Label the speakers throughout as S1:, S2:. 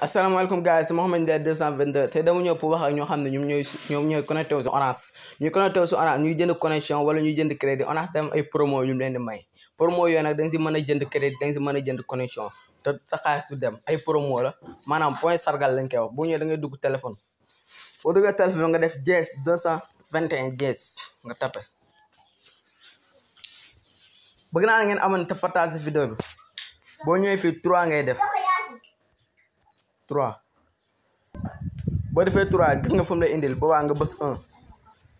S1: asalaamaaleykum gars yi si Mouhamed Ndiaye 222 tey dama ñëw pour wax ak xam ne ñoom ñooy ñoom ñooy connecté wu si orange ñuy connecté wu si orange ñuy jënd connexion wala ñuy jënd crédit orange tam ay promo yu mu leen di may promo yooyu nag da si mën a jënd crédit da si mën a jënd connexion te sa xaalis du dem ay promo la maanaam point sargal lañ koy wax bu ñëwee da ngay dugg téléphone boo téléphone nga def dièse 221 dièse nga tapé bëgg naa ngeen aman te partage vidéo bi boo ñëwee fii 3 ngay def 3 boo defee 3 gis nga fu mu lay indil boobaa nga bës 1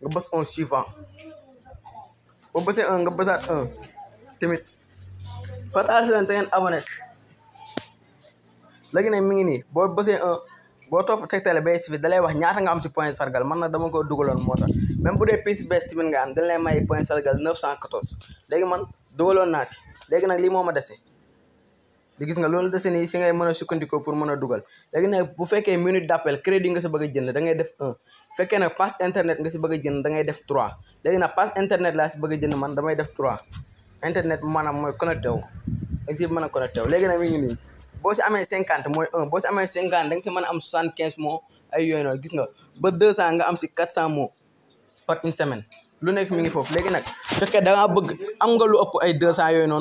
S1: nga bës 1 suivant boo bësee 1 nga bësaat 1 tamit partage leen te ngeen léegi nag mi ngi nii boo bësee 1 boo topp tegtale ba si fi da wax ñaata nga am si point sargal man nag dama ko dugaloon moo tax même bu dee piis bees tamit nga am dañ lay may point sargal 914 léegi man dugaloon naa si léegi nag lii moo ma dese bi gis nga loolu desene yi si ngay mën a sukkandikoo pour mën a dugal léegi nag bu fekkee minute d' appel crédit nga si bëgg a jënd da ngay def un fekkee nag passe internet nga si bëgg a jënd da def trois léegi nag passe internet la si bëgg a jënd man damay def trois internet maanaam mooy connecté wu nga si mën a connecté wu léegi nag mi nii boo si amee cinquante mooy un boo si amee cinquante da nga si mën a am soixante quinze mots ay yooyu noonu gis nga ba deux cent nga am si quatre cent mots par semaine lu nekk mi ngi foofu léegi nag fekkee da bëgg am nga lu ëpp ay deux cent yooyu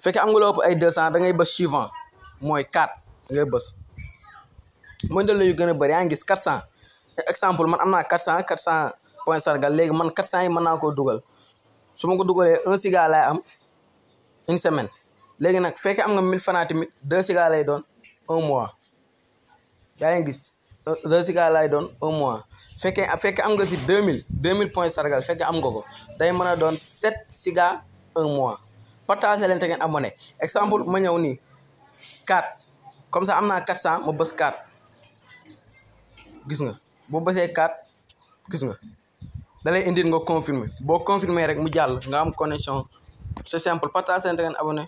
S1: fekkee am nga loo ay deux cent da ngay bës suivant mooy quatre ngay bës mooy delloo yu gën a bëri yaa ngi gis quatre cent exemple man am naa quatre cent quatre cent point sargal léegi man quatre cent yi mën naa koo dugal su ma ko dugalee un cigare laay am une semaine léegi nag fekkee am nga mille francs tamit deux cigares lay doon un mois yaa ngi gis deux cigares doon un mois fekkee fekkee am nga si deux mille deux mille point sargal fekkee am nga ko day mën a doon sept cigares un mois partagé leen te ngeen abonné exemple ma ñëw nii 4 comme ça am naa 400 ma bës 4 gis nga boo bësee 4 gis nga da lay indil nga confirmer boo confirmer rek mu jàll nga am connexion c'est simple partagé leen te